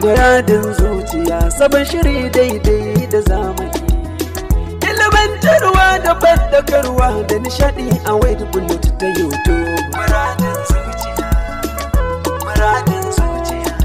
Guradin zuciya sabon shiri daidai da zamani. Ilimantarwa da bandakarwa da nishadi a wayar bullet ta YouTube. Guradin zuciya, guradin zuciya.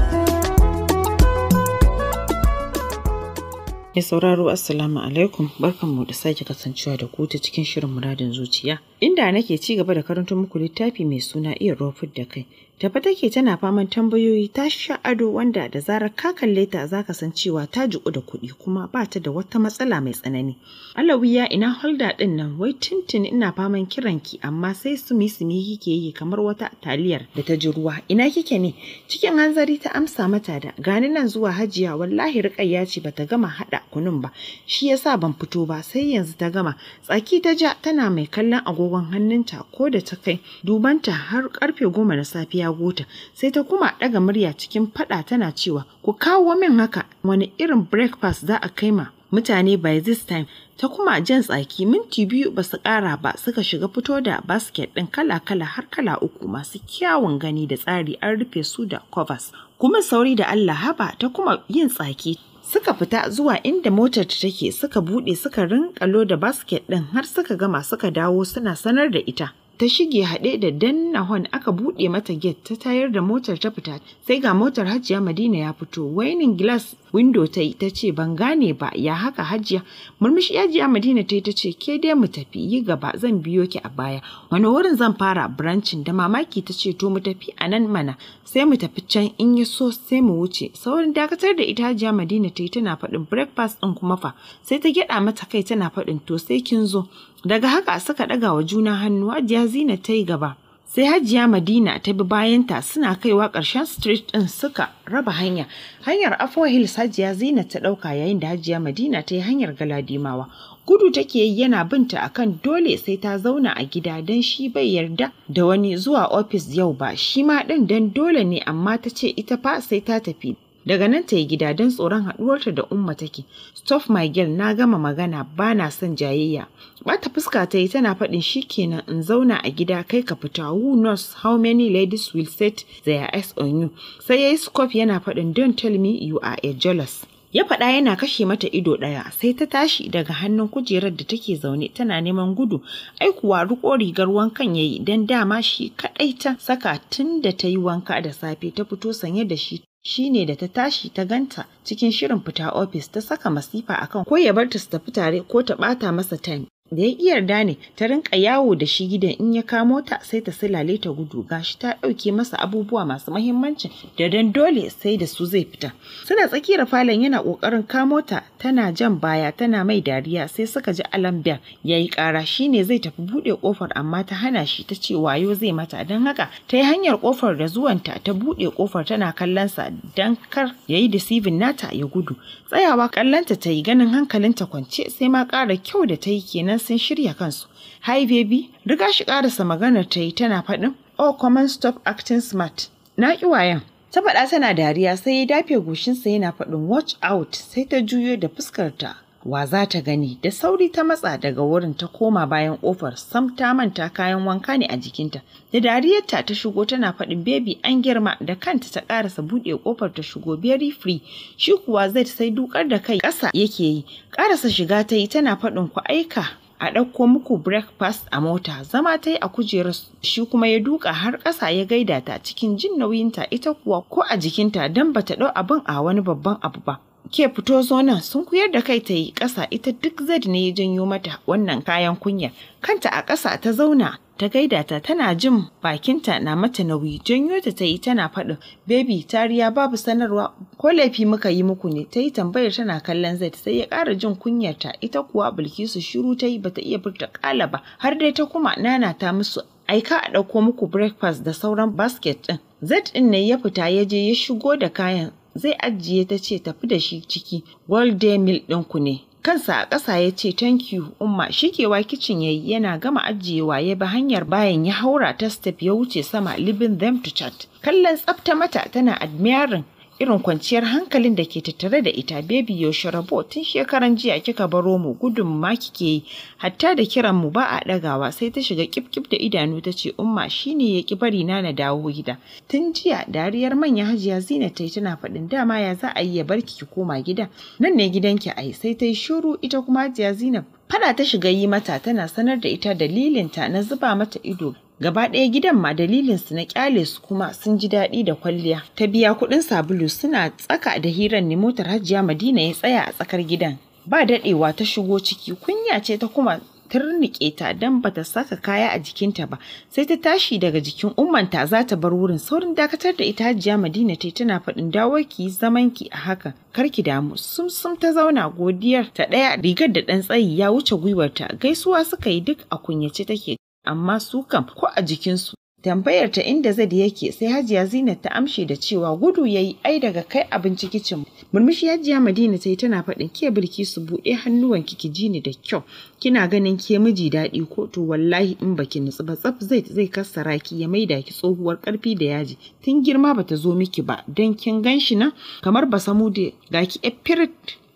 Ya sauraro Assalamu alaikum barkanmu da sake kasancewa da ku ta cikin shirin muradin zuciya. inda nake ci gaba da karanto muku littafi mai suna iya rofin da kai tafi take tana faman tambayoyi ta sha ado wanda da zarar ka kalle ta za ka san cewa ta jiku da kuɗi kuma ba ta da wata matsala mai tsanani alawiya ina holda ɗin nan wai tuntun ina faman kiranki amma sai su mi kike yi kamar wata taliyar da ta ji ruwa ina kike ne cikin hanzari ta amsa mata da gani nan zuwa hajiya wallahi riƙayya ce bata gama haɗa kunun ba shi yasa ban fito ba sai yanzu ta gama tsaki ta ja tana mai kallon agogo agogon hannunta ko da ta kai dubanta har karfe goma na safiya gota sai ta kuma daga murya cikin fada tana cewa ku kawo min haka wani irin breakfast za a kai ma mutane by this time ta kuma jan tsaki minti biyu ba su kara ba suka shiga fito da basket ɗin kala-kala har kala uku masu kyawun gani da tsari an rufe su da covers kuma sauri da Allah haba ta kuma yin tsaki suka fita zuwa inda motar ta take suka buɗe suka rinka loda basket ɗin har suka gama suka dawo suna sanar da ita. ta shige haɗe da danna hon aka buɗe mata get ta tayar da motar ta fita sai ga motar hajiya madina ya fito wainin glass window ta yi ta ce ban gane ba ya haka hajiya murmushi hajiya madina ta yi ta ce ke dai mu tafi yi gaba zan biyo ki a baya wani wurin zan fara birancin da mamaki ta ce to mu tafi a nan mana sai mu tafi can in yi so sai mu wuce saurin dakatar da ita hajiya madina ta yi tana faɗin breakfast ɗin kuma fa sai ta gyaɗa mata kai tana faɗin to sai kin zo Daga haka suka ɗaga wa juna hannu Hajiya Zina ta yi gaba. Sai Hajiya Madina ta bi bayanta suna kaiwa ƙarshen street ɗin suka raba hanya. Hanyar Afo Hills Hajiya Zina ta ɗauka yayin da Hajiya Madina ta yi hanyar Galadimawa. Gudu take yi yana binta akan dole sai ta zauna a gida don shi bai yarda da wani zuwa ofis yau ba shi ma ɗin don dole ne amma ta ce ita fa sai ta tafi daga nan ta yi gida don tsoron haɗuwarta da umma take stop my girl na gama magana ba na son jayayya bata fuska ta yi tana faɗin shi kenan in zauna a gida kai ka fita who knows how many ladies will set their eyes on you sai yayi yi yana faɗin don't tell me you are a jealous ya faɗa yana kashe mata ido ɗaya sai ta tashi daga hannun kujerar da take zaune tana neman gudu ai kuwa riko rigar wankan yayi yi don dama shi kaɗai ta saka tun da ta yi wanka da safe ta fito sanye da shi shi ne da ta tashi ta ganta cikin shirin fita ofis ta saka masifa akan ko ya bar ta su tafi tare ko ta ɓata masa time da ya ƙi yarda ne ta rinka yawo da shi gidan in ya kamo ta sai ta silale ta gudu gashi ta ɗauke masa abubuwa masu mahimmanci da dan dole sai da su zai fita suna tsakiyar falon yana ƙoƙarin kamo ta tana jan baya tana mai dariya sai suka ji alam biyar ya yi ƙara shine zai tafi buɗe ƙofar amma ta hana shi ta ce wayo zai mata don haka ta yi hanyar ƙofar da zuwanta ta buɗe ƙofar tana kallonsa don kar ya yi deceiving nata ya gudu tsayawa kallonta ta yi ganin hankalinta kwance sai ma ƙara kyau da ta yi kenan sun shirya kansu. Hi baby, riga shi karasa maganar ta yi tana faɗin, oh common stop acting smart. Na ƙi wayan. Ta faɗa tana dariya sai ya dafe goshinsa yana faɗin watch out sai ta juyo da fuskarta. Wa za ta gani da sauri ta matsa daga wurin ta koma bayan ƙofar sam ta manta kayan wanka ne a jikinta. Da dariyarta ta shigo tana faɗin bebi an girma da kanta ta ƙarasa buɗe ƙofar ta shigo very free shi kuwa zai sai dukar da kai ƙasa yake yi. Ƙarasa shiga ta yi tana faɗin ku aika a ɗauko muku breakfast a mota zama ta yi a kujerar shi kuma ya duka har ƙasa ya gaida ta cikin jin nauyinta ita kuwa ko a jikinta don ba ta ɗau abin a wani babban abu ba ke fito zonan sun kuyar da kai ta yi ƙasa ita duk zad ne ya janyo mata wannan kayan kunya kanta a ƙasa ta zauna ta gaida ta tana jin bakinta na mata nauyi janyo ta ta yi tana faɗin bebi tariya babu sanarwa ko laifi muka yi muku ne ta yi tambayar tana kallon zai sai ya ƙara jin kunyarta ita kuwa bilkisu shiru ta yi bata iya furta ƙala ba har dai ta kuma nana ta musu aika a ɗauko muku breakfast da sauran basket ɗin zed ɗin ne ya fita ya je ya shigo da kayan zai ajiye ta ce tafi da shi ciki world day meal ɗinku ne kansa a ƙasa ya ce thank you umma shikewa kicin yayi yana gama ajiyewa ya bi hanyar bayan ya haura ta step ya wuce sama "Living them to chat kallon tsafta mata tana admiring irin kwanciyar hankalin da ke tattare da ita bebi yaushe rabo tun shekaran jiya kika baro mu gudun ma kike yi hatta da kiran mu ba a ɗagawa sai ta shiga kifkif da idanu ta ce umma shine ya ki bari na na dawo gida tun jiya dariyar manya hajiya zina ta yi tana faɗin dama ya za a yi ya bar ki koma gida nan ne gidan ki a yi, sai ta yi shuru ita kuma hajiya zina fada ta shiga yi mata tana sanar da ita dalilinta na zuba mata ido gaba ɗaya gidan ma dalilin su na kyale su kuma sun ji daɗi da kwalliya ta biya kuɗin sabulu suna tsaka da hirar ne motar hajiya madina ya tsaya a tsakar gidan ba daɗewa ta shigo ciki kunya ce ta kuma turnike ta don bata saka kaya a jikinta ba sai ta tashi daga jikin ummanta za ta bar wurin saurin dakatar da ita hajiya madina ta tana faɗin dawo ki zaman ki a haka kar ki damu sum ta zauna godiyar ta ɗaya rigar da ɗan tsayi ya wuce gwiwarta gaisuwa suka yi duk a kunyace take amma su kam ko a jikinsu tambayar ta inda zadi yake sai hajiya zinat ta amshe da cewa gudu yayi ai daga kai abinci kicin murmushi hajiya madina ta yi tana faɗin ke birki su buɗe hannuwan ki ji ni da kyau kina ganin ke miji daɗi ko to wallahi in baki nutsu ba tsaf zai zai kassara ki ya maida ki tsohuwar ƙarfi da yaji tun girma bata zo miki ba don kin gan shi na kamar basamu da ga ki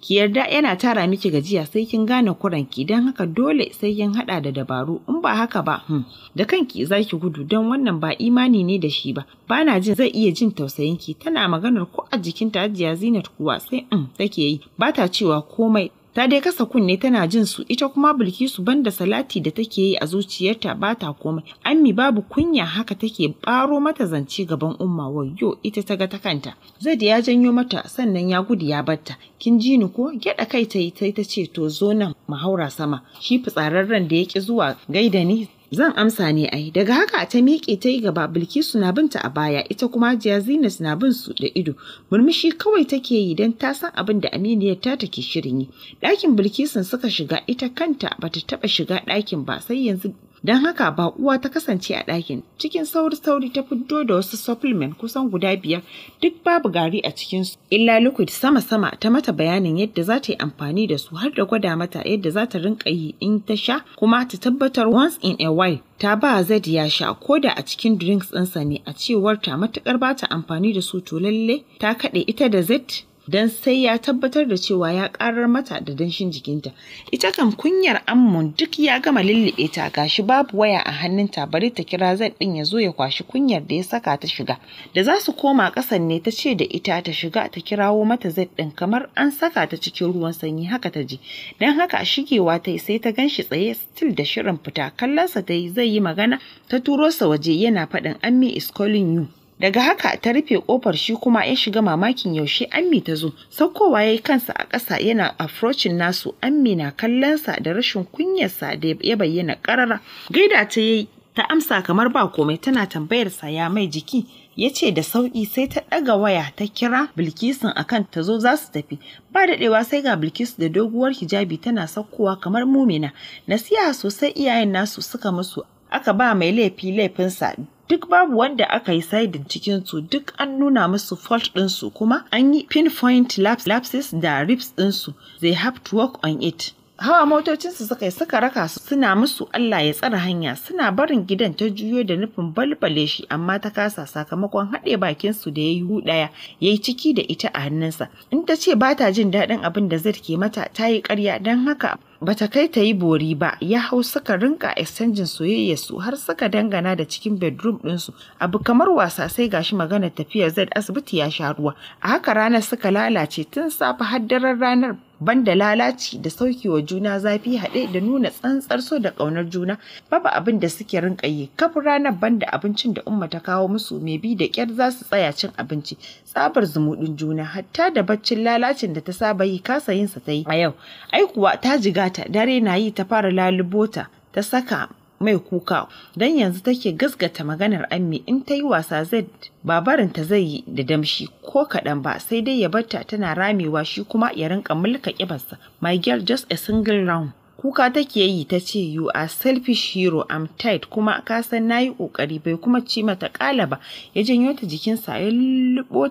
Ki yarda yana tara miki gajiya sai kin gane kuranki don haka dole sai kin haɗa da dabaru in ba haka ba hmm. da kanki za ki gudu don wannan ba imani ne da shi ba Ba na jin zai iya jin tausayinki tana maganar ko a jikinta ta hajiya zinat kuwa sai in hmm, take yi ba ta cewa komai ta dai kasa kunne tana jin su ita kuma bilkisu banda salati da take yi a zuciyarta ba ta komai ammi babu kunya haka take baro mata zance gaban umma wayo ita ta ga ta kanta zaid ya janyo mata sannan ya gudu ya batta kin ji ni ko gyada kai ta yi ta ce to zo nan mu sama shi fitsararren da ya ki zuwa gaida ni Zan amsa ne ai, daga haka ta miƙe ta yi gaba Bilkisu na binta a baya, ita kuma Hajiya Zinat na bin su da ido. Murmushi kawai take yi don ta san abin da Aminiyar ta take shirin yi. Ɗakin Bilkisun suka shiga ita kanta bata taɓa shiga ɗakin ba sai yanzu Don haka ba uwa ta kasance a ɗakin cikin sauri-sauri ta fito da wasu supplement kusan guda biyar duk babu gari a cikinsu. Illa liquid sama-sama ta mata bayanin yadda za ta yi amfani da su har da gwada mata yadda za ta rinka yi in ta sha kuma ta tabbatar once in a while ta ba zai ya sha ko da a cikin drinks ɗinsa ne a cewar ta matuƙar ba ta amfani da su to lalle ta kaɗe ita da Zaid don sai ya tabbatar da cewa ya karar mata da danshin jikinta ita kam kunyar ammon duk ya gama lullube ta gashi babu waya a hannunta bari ta kira zan din ya zo ya kwashi kunyar da ya saka ta shiga da za su koma kasan ne ta ce da ita ta shiga ta kirawo mata zai din kamar an saka ta cikin ruwan sanyi haka ta ji dan haka shigewa ta yi sai ta ganshi tsaye still da shirin fita kallonsa ta yi zai yi magana ta turo sa waje yana faɗin ammi is calling you daga haka ta rufe kofar shi kuma ya shiga mamakin yaushe ammi ta zo saukowa ya yi kansa a ƙasa yana afrocin nasu ammi na kallonsa da rashin kunyarsa da ya bayyana ƙarara gaida ta yi ta amsa kamar ba komai tana tambayarsa ya mai jiki ya ce da sauƙi sai ta ɗaga waya ta kira bilkisun akan ta zo za su tafi ba daɗewa sai ga bilkisu da doguwar hijabi tana saukowa kamar mumina nasiha sosai iyayen nasu suka musu aka ba mai laifi laifinsa duk babu wanda aka yi saidin cikin su duk an nuna musu fault ɗinsu kuma an yi pinpoint lapses da rips ɗinsu they have to work on it hawa motocinsu suka yi suka raka su suna musu Allah ya tsare hanya suna barin gidan ta juyo da nufin balbale shi amma ta kasa sakamakon haɗe bakinsu da ya yi hudaya ya ciki da ita a hannunsa in ta ce ba ta jin daɗin abin da zai ke mata ta yi ƙarya don haka bata kai ta yi bori ba ya hau suka rinka exchanging soyayya su har suka dangana da cikin bedroom ɗinsu abu kamar wasa sai gashi magana tafiya zai asibiti ya sha ruwa a haka ranar suka lalace tun safe har daren ranar banda lalaci da saukewa juna zafi haɗe da nuna tsantsar so da ƙaunar juna babu abin da suke rinka yi kaf ranar banda abincin da umma ta kawo musu mai bi da kyar za su tsaya cin abinci tsabar zumuɗin juna hatta da baccin lalacin da ta saba yi kasa yinsa ta yi a yau ai kuwa ta jiga ta dare na yi ta fara lalubota ta saka mai kuka don yanzu take gasgata maganar ammi in ta yi wasa zai babarinta zai yi da damshi ko kaɗan ba sai dai ya batta tana ramewa shi kuma ya rinka mulka ƙibarsa my girl just a single round kuka take yi ta ce you are selfish hero I'm tight kuma ka san nayi kokari bai kuma ci mata kala ba ya janyo ta jikinsa ya lubo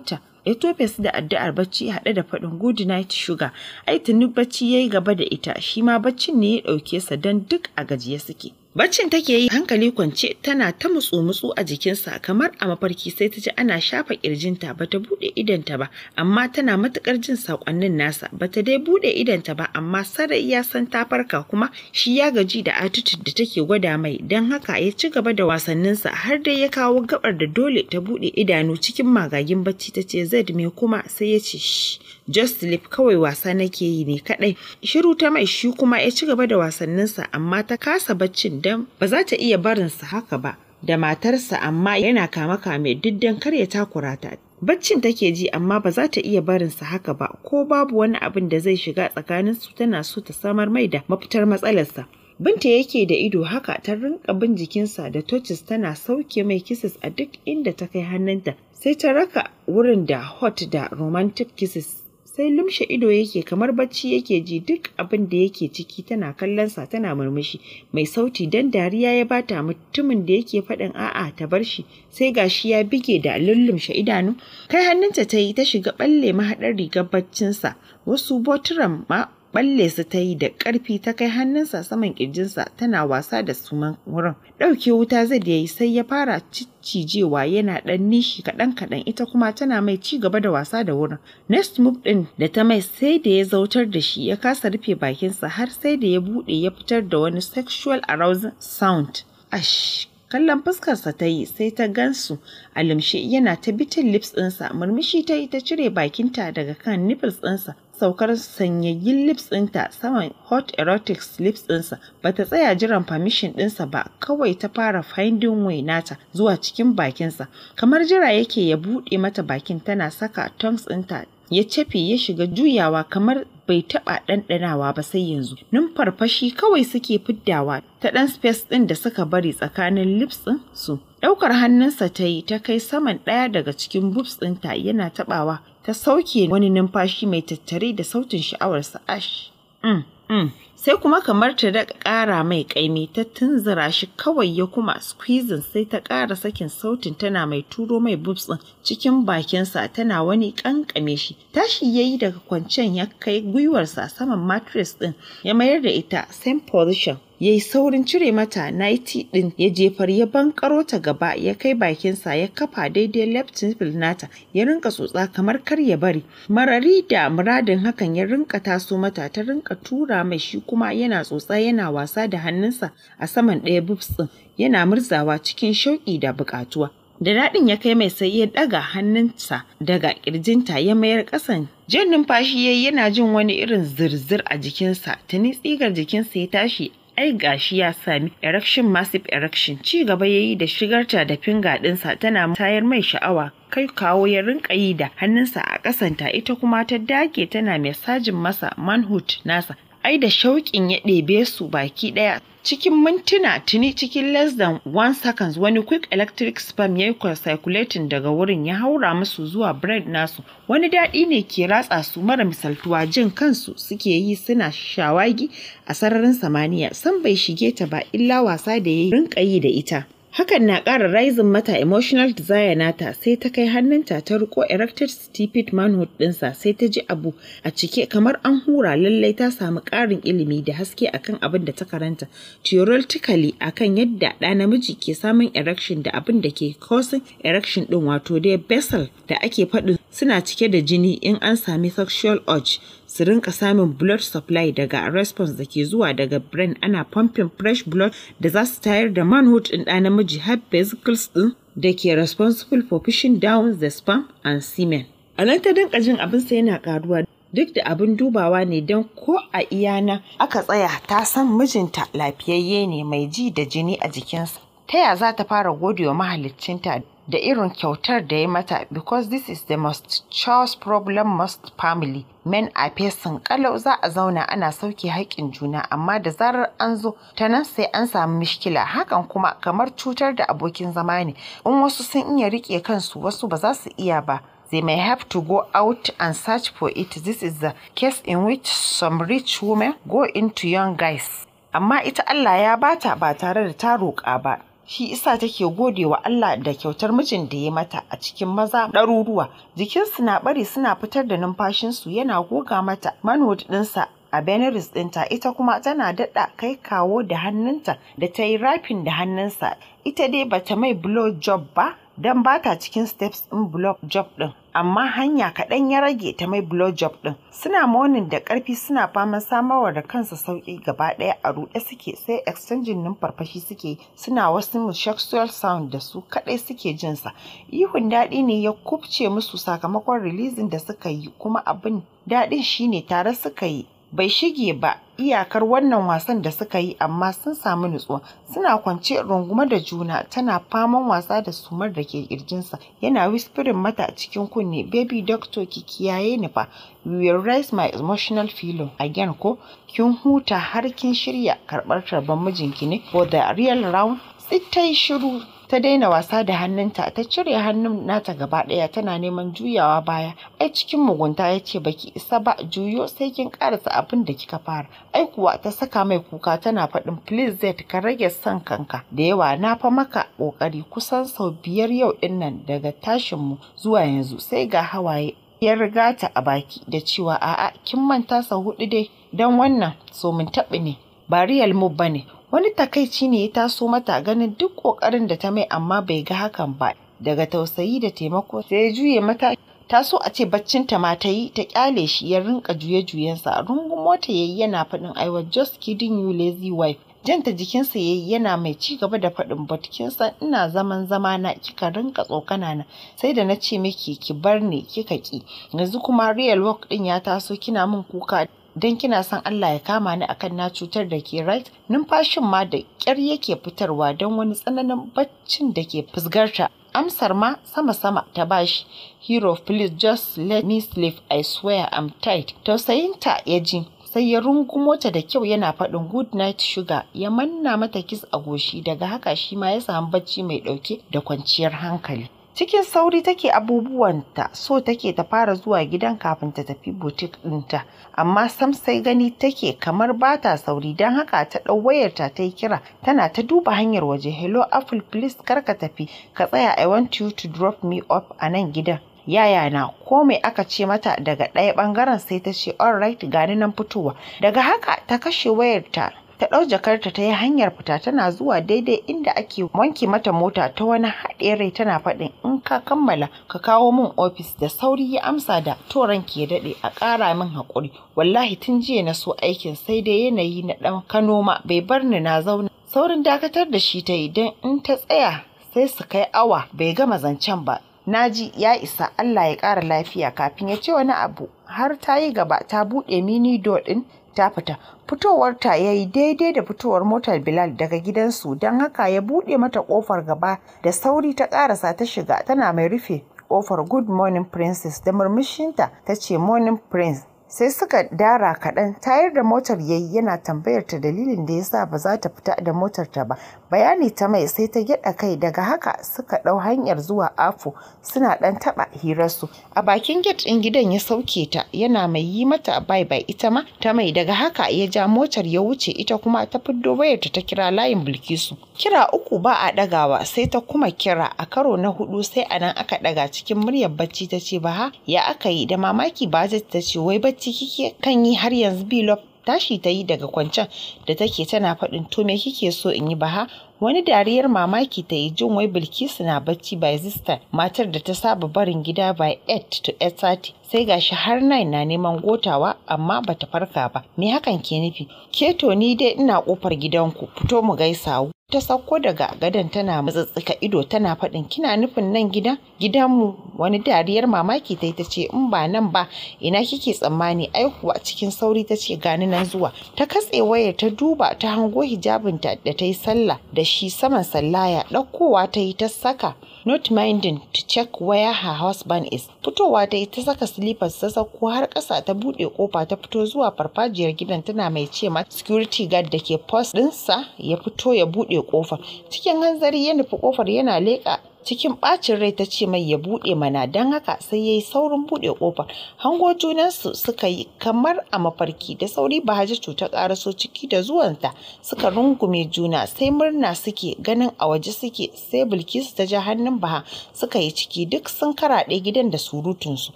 ya tofe su da addu'ar bacci haɗe da faɗin good night sugar ai bacci yayi gaba da ita shi ma baccin ne ya ɗauke sa don duk a gajiye suke Baccin take yi hankali kwance tana ta mutsu-mutsu a jikinsa kamar a mafarki sai ta ji ana shafa kirjinta ba ta buɗe idanta ba amma tana matuƙar jin saƙonnin nasa ba ta dai buɗe idanta ba amma sarai ya san ta farka kuma shi ya gaji da attitude da take gwada mai don haka ya ci gaba da wasanninsa har dai ya kawo gabar da dole ta buɗe idanu cikin magagin bacci ta ce zai me kuma sai ya ce shi. Just lip kawai wasa nake yi ne kadai Shiru ta mai shi kuma ya ci gaba da wasanninsa amma ta kasa baccin dan ba za ta iya barinsa haka ba. Da matarsa amma yana kama kame duk dan kar ya takura ta. Baccin take ji amma ba za ta iya barinsa haka ba ko babu wani abin da zai shiga tsakanin su tana so ta samar mai da mafitar matsalarsa. Binta yake da ido haka ta rinka bin jikinsa da torches tana sauke mai kisses a duk inda ta kai hannunta sai ta raka wurin da hot da romantic kisses sai lumshe ido yake kamar bacci yake ji duk abin da yake ciki tana kallonsa tana murmushi mai sauti dan dariya ya bata mutumin da yake faɗin a'a ta bar shi sai gashi ya bige da lullumshe idanu kai hannunta ta yi ta shiga balle mahaɗar rigar baccinsa wasu boturan ma balle su ta yi da ƙarfi ta kai hannunsa saman ƙirjinsa tana wasa da suman wurin. Ɗauke wuta zai da ya yi sai ya fara cijewa yana ɗan nishi kaɗan kaɗan ita kuma tana mai ci gaba da wasa da wurin. Next move ɗin da ta mai sai da ya zautar da shi ya kasa rufe bakinsa har sai da ya buɗe ya fitar da wani sexual arousal sound. Ash, kallon fuskarsa ta yi sai ta gansu a limshe yana ta bitin lips ɗinsa murmushi ta yi ta cire bakinta daga kan nipples ɗinsa saukar sanyayyin lips ɗinta saman hot erotic lips ɗinsa ba ta tsaya jiran permission ɗinsa ba kawai ta fara finding way nata zuwa cikin bakinsa kamar jira yake ya buɗe mata bakin tana saka tongues ɗinta ya cefe ya shiga juyawa kamar bai taɓa ɗanɗanawa ba sai yanzu numfarfashi kawai suke fiddawa ta ɗan space ɗin da suka bari tsakanin lips ɗin su Ɗaukar hannunsa ta yi ta kai saman ɗaya daga cikin bubs ɗinta yana taɓawa ta sauke wani numfashi mai tattare da sautin sha'awarsa ash. Mm, mm. Sai kuma kamar ta da ƙara mai ƙaimi ta tunzura shi kawai ya kuma squeezing sai ta ƙara sakin sautin tana mai turo mai bubs ɗin cikin bakinsa tana wani ƙanƙame shi. Tashi ya yi daga kwancen ya kai gwiwarsa saman mattress ɗin ya mayar da ita same position ya yi saurin cire mata 90 ɗin ya jefar ya bankaro ta gaba ya kai bakinsa ya kafa daidai left nipple nata ya rinka tsotsa kamar kar ya bari marari da muradin hakan ya rinka taso mata ta rinka tura mai shi kuma yana tsotsa yana wasa da hannunsa a saman ɗaya bubs ɗin yana murzawa cikin shauƙi da buƙatuwa da daɗin ya kai mai sai ya ɗaga hannunsa daga ƙirjinta ya mayar ƙasan jan numfashi yayi yana jin wani irin zirzir a jikinsa tuni tsigar jikinsa ya tashi ai gashi ya sami erection massive erection ci gaba yayi da shigarta da finger ɗinsa tana tayar mai sha'awa kai kawo ya rinka yi da hannunsa a kasanta. ita kuma ta dake tana mai sajin masa manhood nasa ai da shauƙin ya ɗebe su baki ɗaya cikin mintuna tuni cikin less than one seconds wani quick electric sperm ya yi circulating daga wurin ya haura musu zuwa bread nasu wani daɗi ne ke ratsa su mara misaltuwa jin kansu suke yi suna shawagi a sararin samaniya san bai shige ta ba illa wasa da ya rinka yi da ita Hakan na ƙara raizin mata emotional desire nata sai ta kai hannunta ta riko erected stupid manhood ɗinsa sai ta ji abu a cike kamar an hura lallai ta samu ƙarin ilimi da haske akan abin da ta karanta theoretically akan yadda ɗa namiji ke samun erection da abin da ke causing erection ɗin wato dai vessel da ake faɗin suna cike da jini in an sami sexual urge su rinka samun blood supply daga response da ke zuwa daga brain ana pumping fresh blood da za su tayar da manhood in ɗa namiji har vesicles ɗin da ke responsible for pushing down the sperm and semen. A nan ta dinka jin abin sa yana karuwa duk da abin dubawa ne don ko a iyana aka tsaya ta san mijinta lafiyayye ne mai ji da jini a jikinsa. Ta ya za ta fara gode wa mahaliccinta da irin kyautar da ya mata because this is the most chores problem most family men a facing, kalau za a zauna ana sauke haƙƙin juna amma da zarar an zo ta nan sai an samu mishkila hakan kuma kamar cutar da abokin zama ne in wasu sun iya riƙe kansu wasu ba za su iya ba they may have to go out and search for it this is the case in which some rich women go into young guys amma ita Allah ya bata ba tare da ta roƙa ba shi isa take gode wa Allah da kyautar mijin da ya mata a cikin maza ɗaruruwa jikinsu na bari suna fitar da numfashinsu yana goga mata manhood ɗinsa a benaris ɗinta ita kuma tana daɗa kai kawo da hannunta da ta yi rafin da hannunsa ita dai bata mai blow job ba don bata cikin steps ɗin blow job ɗin amma hanya kaɗan ya rage ta mai blowjob ɗin suna monin da ƙarfi suna faman samarwa da kansa sauƙi gaba ɗaya a ruɗe suke sai exchanging nan farfashi suke suna wasu sexual sound da su kaɗai suke jinsa ihun daɗi ne ya kubce musu sakamakon releasing da suka yi kuma abin daɗin shine tare suka yi bai shige ba iyakar wannan wasan da suka yi amma sun samu nutsuwa suna kwance rungume da juna tana faman wasa da sumar da ke kirjinsa yana whispering mata a cikin kunne baby doctor ki kiyaye ni fa you will raise my emotional feeling again ko kin huta har kin shirya karɓar tarban mijinki ne for the real round yi shiru ta daina wasa da hannunta ta cire hannun nata gaba ɗaya tana neman juyawa baya ai cikin mugunta ya ce baki isa ba juyo sai kin karasa abin da kika fara ai kuwa ta saka mai kuka tana faɗin please zai ka rage son kanka da yawa na fa maka ƙoƙari kusan sau biyar yau ɗin nan daga tashinmu zuwa yanzu sai ga hawaye ya riga ta a baki da cewa a'a kin manta sau hudu dai don wannan so mun taɓi ne ba real mu bane wani takaici ne ya taso mata ganin duk ƙoƙarin da ta mai amma bai ga hakan ba daga tausayi da taimako sai ya juye mata ta so a ce ta ma ta yi ta kyale shi ya rinka juye-juyensa rungun mota yayi yana faɗin I was just kidding you lazy wife janta jikinsa yayi yana mai ci gaba da faɗin batkinsa ina zaman zama na kika rinka tsokana na sai da na ce miki ki bar ni kika ki yanzu kuma real work din ya taso kina min kuka don kina san Allah ya kama ni akan na cutar da ke right numfashin ma da kyar yake fitarwa don wani tsananin baccin da ke fusgarta amsar ma sama-sama ta bashi hero please just let me sleep I swear I'm tight tausayinta ya ji sai ya rungumo ta da kyau yana faɗin good night sugar ya manna mata kiss a goshi daga haka shi ma ya samu bacci mai ɗauke da kwanciyar hankali cikin sauri take abubuwanta so take ta fara zuwa gidan kafin ta tafi butik ɗinta amma sam sai gani take kamar ba ta sauri don haka ta ɗau wayarta ta yi kira tana ta duba hanyar waje hello apple please kar ka tafi ka tsaya i want you to drop me up a nan gidan yaya na komai aka ce mata daga ɗaya ɓangaren sai ta ce alright gani nan fitowa daga haka ta kashe wayarta ta ɗau jakarta ta yi hanyar fita tana zuwa daidai inda ake wanke mata mota ta wani haɗe rai tana faɗin ka kammala ka kawo min ofis da sauri ya amsa da toran ya daɗe a ƙara min hakuri wallahi tun jiya na so aikin sai dai yanayi na ɗan kano ma bai bar ni na zauna saurin dakatar da shi ta idan in ta tsaya sai su kai awa bai gama zancen ba naji ya isa Allah ya ƙara lafiya kafin ya ce wani abu har ta yi gaba ta buɗe mini door din. ta fita fitowar ta ya yi daidai da fitowar motar bilal daga gidansu don haka ya buɗe mata ƙofar gaba da sauri ta ƙarasa ta shiga tana mai rufe ƙofar good morning princess da murmushinta ta ce morning prince sai suka dara kaɗan tayar da motar yayi yana tambayar ta dalilin da yasa ba za ta fita da motar ta ba bayani ta mai sai ta gyaɗa kai daga haka suka ɗau hanyar zuwa afo suna ɗan taɓa hirarsu a bakin gate ɗin gidan ya sauke ta yana mai yi mata bye bye ita ma ta mai daga haka ya ja motar ya wuce ita kuma ta fiddo wayar ta kira layin bilkisu kira uku ba a ɗagawa sai ta kuma kira a karo na hudu sai a nan aka ɗaga cikin muryar bacci ta ce ba ha ya aka yi da mamaki ba ta ce wai bacci ciki kike kan yi har yanzu Bilof tashi ta yi daga kwancen da take tana faɗin to me kike so in yi baha wani dariyar mamaki ta yi jin wai bilkisu na bacci by zista, matar da ta saba barin gida by 8 to 8:30 sai gashi har 9 na neman gotawa amma bata farka ba me hakan ke nufi keto ni dai ina kofar gidanku fito mu gaisawu ta sauko daga gadon tana matsattsika ido tana faɗin kina nufin nan gida gidanmu wani dariyar mamaki ta yi ta ce in ba nan ba ina kike tsammani aihuwa cikin sauri ta ce gani nan zuwa ta katse wayar ta duba ta hango hijabinta da ta yi sallah da shi saman sallaya ɗaukowa ta yi ta saka not minding to check where her husband is. Fitowa ta yi ta saka slippers ta sauko har ƙasa ta buɗe ƙofa ta fito zuwa farfajiyar gidan tana mai ce ma security guard da ke post ɗinsa ya fito ya buɗe ƙofar. Cikin hanzari ya nufi ƙofar yana leƙa cikin ɓacin rai ta ce mai ya buɗe mana don haka sai ya yi saurin buɗe ƙofar hango junansu suka yi kamar a mafarki da sauri ba haji cuta ƙaraso ciki da zuwanta suka rungume juna sai murna suke ganin a waje suke sai bilkisu ta ji hannun baha suka yi ciki duk sun karaɗe gidan da surutunsu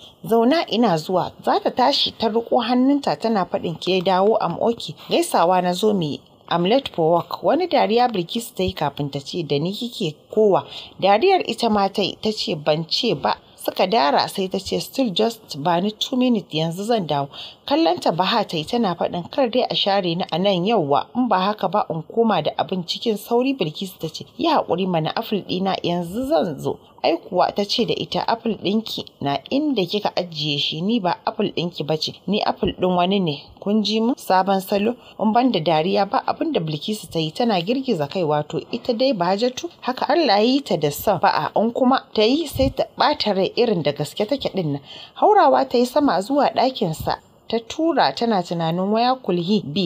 zauna ina zuwa za ta tashi ta riƙo hannunta tana faɗin ke dawo a oki gaisawa na zo mai amlet for work wani dariya bilkisu ta yi kafin ta ce da ni kike kowa dariyar ita ma ta ce ban ce ba suka dara sai ta ce still just ba ni two minutes yanzu zan dawo kallanta baha ta yi tana faɗin kar dai a share ni a nan yauwa in ba haka ba in koma da abin cikin sauri bilkisu ta ce yi haƙuri mana afil ɗina yanzu zan zo ai kuwa ta ce da ita apple ɗinki na inda kika ajiye shi ni ba apple ɗinki ba ce ni apple ɗin wani ne kun ji mu sabon salo in ban da dariya ba abin da bilkisu ta yi tana girgiza kai wato ita dai bahajatu haka allah yi ta da son a in kuma ta yi sai ta ɓata rai irin da gaske take din nan haurawa ta yi sama zuwa ɗakinsa ta tura tana tunanin waya kulhi b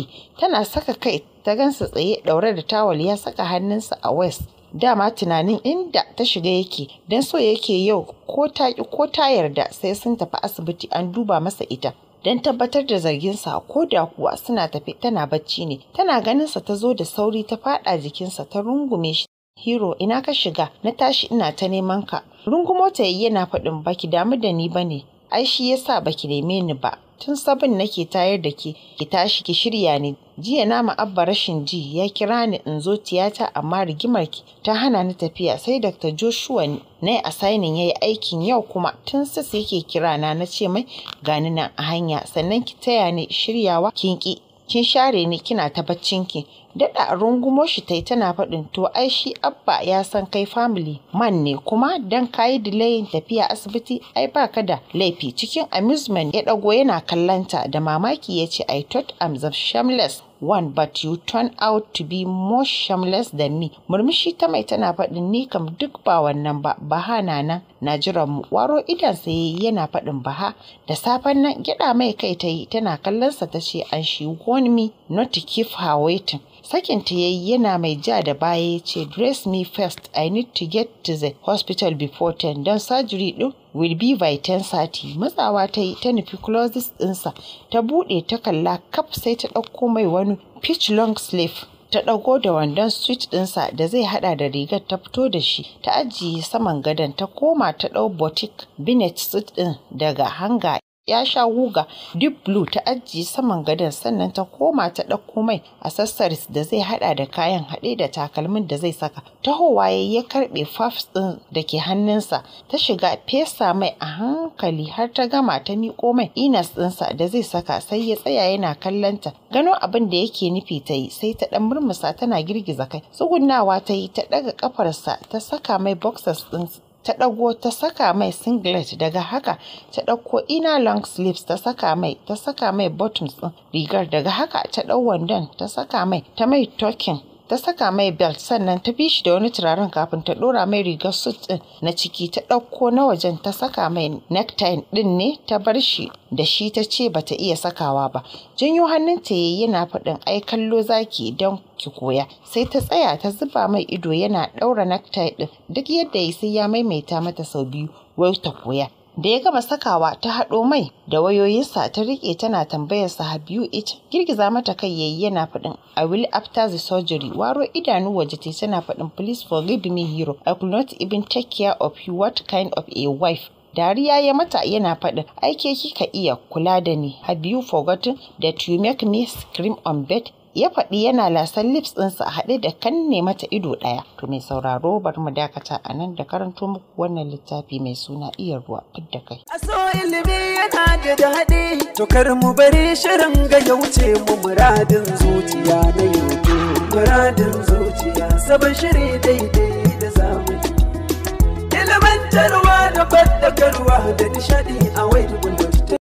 tana saka kai ta gansa tsaye ɗaure da tawul ya saka hannunsa a west dama tunanin inda ta shiga yake don so yake yau ko ta ko ta yarda sai sun tafi asibiti an duba masa ita don tabbatar da zarginsa ko da kuwa suna tafi tana bacci ne tana ganinsa ta zo da sauri ta faɗa jikinsa ta rungume shi Hero ina ka shiga na tashi ina ta neman ka. rungumota yayi yana faɗin baki damu da ni bane ai shi yasa baki neme ni ba. Tun sabin nake tayar da ke ki tashi ki shirya ni jiya na abba rashin ji ya kira ni in zo tiyata amma rigimar ki ta hana ni tafiya sai Dr. Joshua na asainin ya yi aikin yau kuma tun sisi yake kira na na ce mai gani nan a hanya sannan ki taya ni shiryawa kin kinki kin share ni kina ta ki daɗa a rungumo shi tai tana faɗin to ai shi abba ya san kai family man ne kuma dan kayi delayin tafiya asibiti ai baka da laifi cikin amusement ya ɗago yana kallanta da mamaki ya ce i thought i'm the shameless one but you turn out to be more shameless than me murmushi ta mai tana faɗin ni kam duk ba wannan ba baha na nan na jiran mu waro idan sai yana faɗin baha da safen nan gida mai kai ta yi tana kallonsa ta ce and she warned me not to keep her waiting Sakinta ya yi yana mai ja da baya ya ce, Dress me first, I need to get to the hospital before ten don surgery ɗin will be by 10:30. Matsawa ta yi ta nufi closets ɗinsa, ta buɗe ta kalla kaf sai ta ɗauko mai wani pitch long sleeve. ta ɗago da wandon switch ɗinsa da zai haɗa da rigar ta fito da shi ta ajiye saman gadon ta koma ta ɗau botik binet suit ɗin daga hanga ya sha guga deep blue ta ajiye saman gadon sannan ta koma ta ɗauko mai a sassaris da zai hada da kayan haɗe da takalmin da zai saka tahowa ya ya karɓe fafs ɗin da ke hannunsa ta shiga fesa mai a hankali har ta gama ta miƙo mai inas ɗinsa da zai saka sai ya tsaya yana kallonta gano abin da yake nufi ta yi sai ta ɗan murmusa tana girgiza kai tsugunnawa ta yi ta ɗaga ƙafarsa ta saka mai boxers ɗin ta ɗago ta saka mai singlet daga haka ta ɗauko ina long sleeves ta saka mai ta saka mai bottoms ɗin rigar daga haka ta ɗau wandon ta saka mai ta mai talking ta saka mai belt sannan ta bi shi da wani turaren kafin ta ɗora mai rigar suit ɗin na ciki ta ɗauko na wajen ta saka mai necktie ɗin ne ta bar shi da shi ta ce bata iya sakawa ba janyo hannunta yayi yana faɗin ai kallo zaki don ki koya sai ta tsaya ta zuba mai ido yana ɗaura necktie ɗin duk yadda ya sai ya maimaita mata sau biyu wai ta koya da ya gama sakawa ta haɗo mai da wayoyinsa ta riƙe tana tambayar sa habiyu it girgiza mata kai yayi yana faɗin i will after the surgery waro idanu waje ta tana faɗin please forgive me hero i could not even take care of you what kind of a wife dariya ya mata yana faɗin aike kika iya kula da ni have you forgotten that you make me scream on bed ya faɗi yana lasan lips ɗinsa a haɗe da kan ne mata ido ɗaya. To mai sauraro bari mu dakata a nan da karanto muku wannan littafi mai suna iya ruwa da kai. A ilimi yana da daɗi, to kar mu bari shirin ga ya wuce mu muradin zuciya na yau. Muradin zuciya sabon shiri daidai da zamani. Ilimantarwa da faddakarwa da nishaɗi a wai